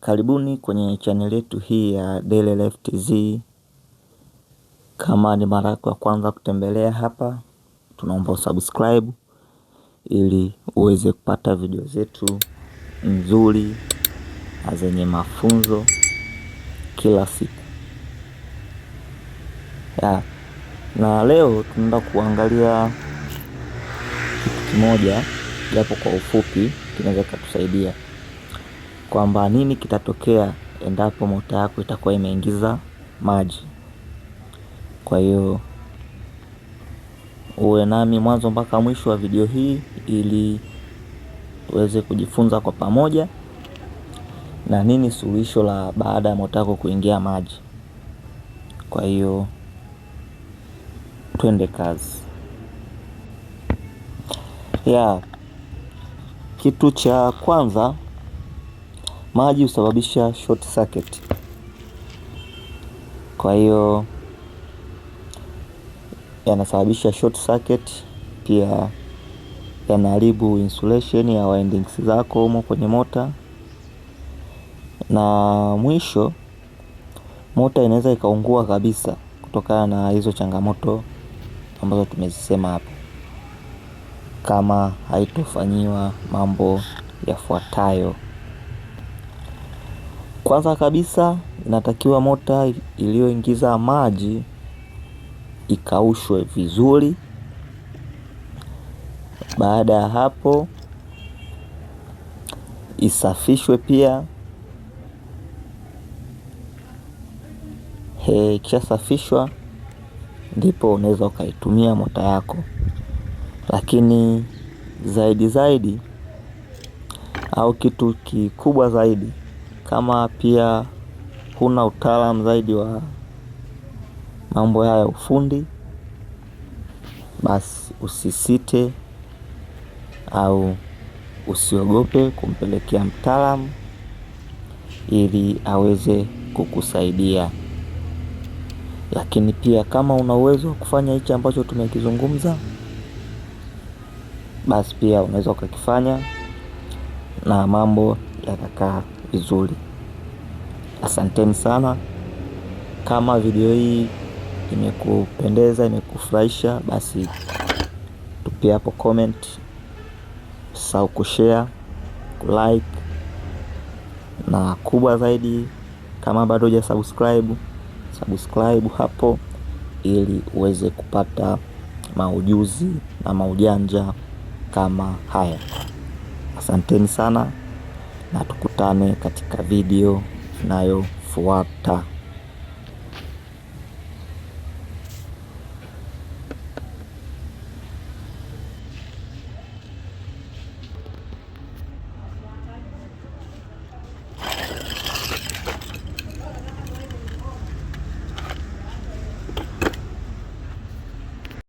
Karibuni kwenye chaneli yetu hii ya Daily Life TZ. Kama ni mara yako ya kwanza kutembelea hapa, tunaomba usubscribe ili uweze kupata video zetu nzuri na zenye mafunzo kila siku ya. Na leo tunaenda kuangalia kitu kimoja japo kwa ufupi, kinaweza kutusaidia kwamba nini kitatokea endapo mota yako itakuwa imeingiza maji. Kwa hiyo uwe nami mwanzo mpaka mwisho wa video hii ili uweze kujifunza kwa pamoja, na nini suluhisho la baada ya mota yako kuingia maji. Kwa hiyo twende kazi ya kitu cha kwanza Maji husababisha short circuit. Kwa hiyo yanasababisha short circuit, pia yanaharibu insulation ya windings zako humo kwenye mota, na mwisho mota inaweza ikaungua kabisa kutokana na hizo changamoto ambazo tumezisema hapo, kama haitofanyiwa mambo yafuatayo. Kwanza kabisa inatakiwa mota iliyoingiza maji ikaushwe vizuri. Baada ya hapo, isafishwe pia. Ikishasafishwa ndipo unaweza ukaitumia mota yako, lakini zaidi zaidi au kitu kikubwa zaidi kama pia huna utaalamu zaidi wa mambo haya ya ufundi, basi usisite au usiogope kumpelekea mtaalamu ili aweze kukusaidia. Lakini pia kama una uwezo wa kufanya hichi ambacho tumekizungumza, basi pia unaweza ukakifanya na mambo yakakaa vizuri. Asanteni sana. Kama video hii imekupendeza, imekufurahisha, basi tupia hapo comment, usahau kushare, kulike na kubwa zaidi, kama bado huja subscribe, subscribe hapo ili uweze kupata maujuzi na maujanja kama haya. Asanteni sana na tukutane katika video inayofuata.